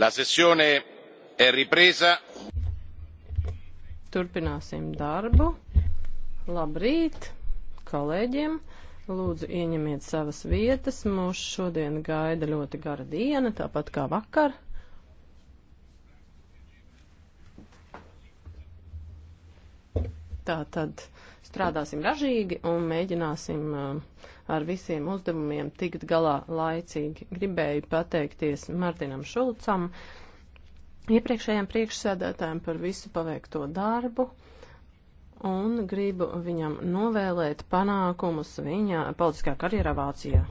la sessione è ripresa turpināsim darbu labrīt kolēģiem lūdzu ieņemiet savas vietas mūs šodien gaida ļoti gara diena tāpat kā vakar Tā tad strādāsim ražīgi un mēģināsim eh, ar visiem uzdevumiem tikt galā laicīgi. Gribēju pateikties Martinam Šulcam, iepriekšējiem priekšsēdētājiem par visu paveikto darbu un gribu viņam novēlēt panākumus viņa politiskā karjerā Vācijā.